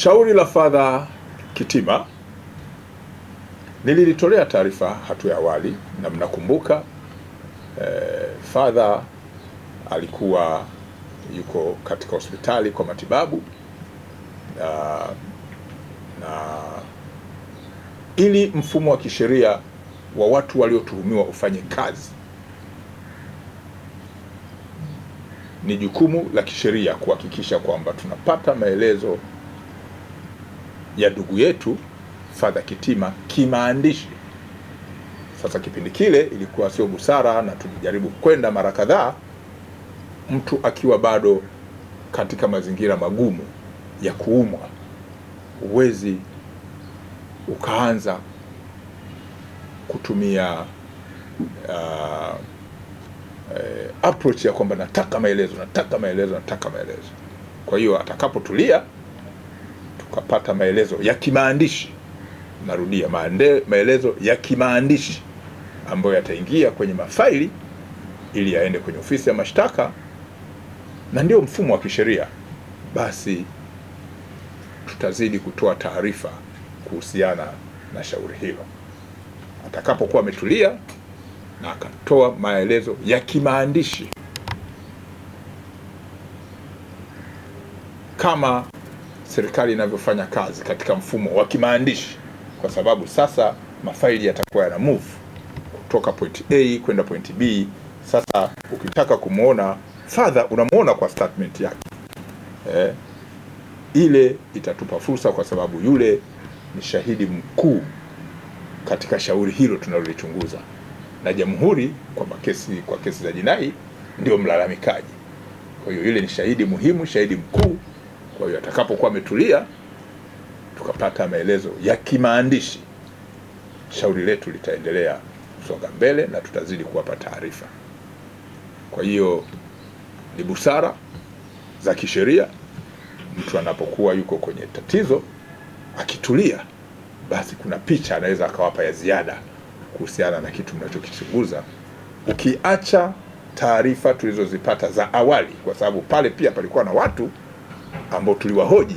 Shauri la Fadha Kitima nililitolea taarifa hatua ya awali, na mnakumbuka eh, Fadha alikuwa yuko katika hospitali kwa matibabu na, na ili mfumo wa kisheria wa watu waliotuhumiwa ufanye kazi ni jukumu la kisheria kuhakikisha kwamba tunapata maelezo ya ndugu yetu Father Kitima kimaandishi. Sasa kipindi kile ilikuwa sio busara, na tulijaribu kwenda mara kadhaa, mtu akiwa bado katika mazingira magumu ya kuumwa, huwezi ukaanza kutumia uh, eh, approach ya kwamba nataka maelezo, nataka maelezo, nataka maelezo. Kwa hiyo atakapotulia kapata maelezo ya kimaandishi, narudia, maelezo ya kimaandishi ambayo yataingia kwenye mafaili ili yaende kwenye ofisi ya mashtaka, na ndio mfumo wa kisheria, basi tutazidi kutoa taarifa kuhusiana na shauri hilo. Atakapokuwa ametulia na akatoa maelezo ya kimaandishi kama serikali inavyofanya kazi katika mfumo wa kimaandishi, kwa sababu sasa mafaili yatakuwa yana move kutoka point A kwenda point B. Sasa ukitaka kumwona fadha unamwona kwa statement yake eh, ile itatupa fursa, kwa sababu yule ni shahidi mkuu katika shauri hilo tunalolichunguza, na jamhuri kwa kesi kwa kesi za jinai ndio mlalamikaji. Kwa hiyo yule ni shahidi muhimu, shahidi mkuu. Kwa hiyo atakapokuwa ametulia, tukapata maelezo ya kimaandishi, shauri letu litaendelea kusonga mbele na tutazidi kuwapa taarifa. Kwa hiyo ni busara za kisheria, mtu anapokuwa yuko kwenye tatizo akitulia, basi kuna picha anaweza akawapa ya ziada kuhusiana na kitu mnachokichunguza, ukiacha taarifa tulizozipata za awali, kwa sababu pale pia palikuwa na watu ambao tuliwahoji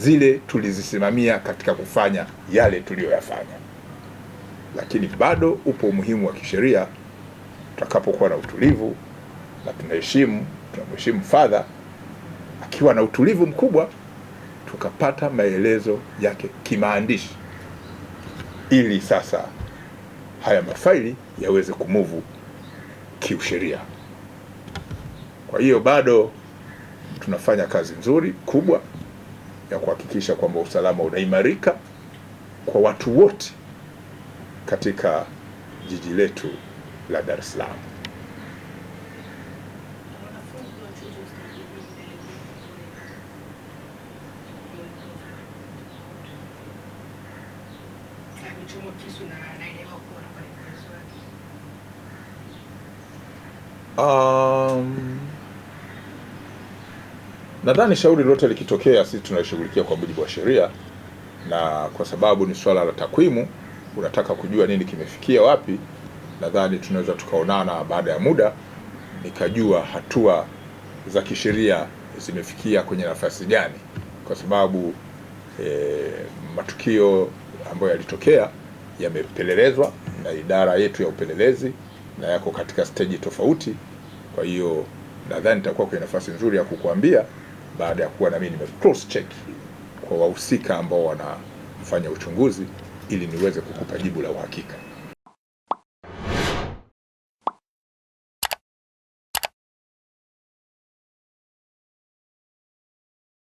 zile tulizisimamia katika kufanya yale tuliyoyafanya, lakini bado upo umuhimu wa kisheria tutakapokuwa na utulivu na tunaheshimu, tunamheshimu fadha akiwa na utulivu mkubwa, tukapata maelezo yake kimaandishi, ili sasa haya mafaili yaweze kumuvu kiusheria. Kwa hiyo bado tunafanya kazi nzuri kubwa ya kuhakikisha kwamba usalama unaimarika kwa watu wote katika jiji letu la Dar es Salaam. Um, Nadhani shauri lote likitokea, sisi tunalishughulikia kwa mujibu wa sheria, na kwa sababu ni swala la takwimu, unataka kujua nini kimefikia wapi, nadhani tunaweza tukaonana baada ya muda nikajua hatua za kisheria zimefikia kwenye nafasi gani, kwa sababu e, matukio ambayo yalitokea yamepelelezwa na idara yetu ya upelelezi na yako katika steji tofauti. Kwa hiyo nadhani nitakuwa kwenye nafasi nzuri ya kukuambia baada ya kuwa na mimi nime cross check kwa wahusika ambao wanafanya uchunguzi ili niweze kukupa jibu la uhakika.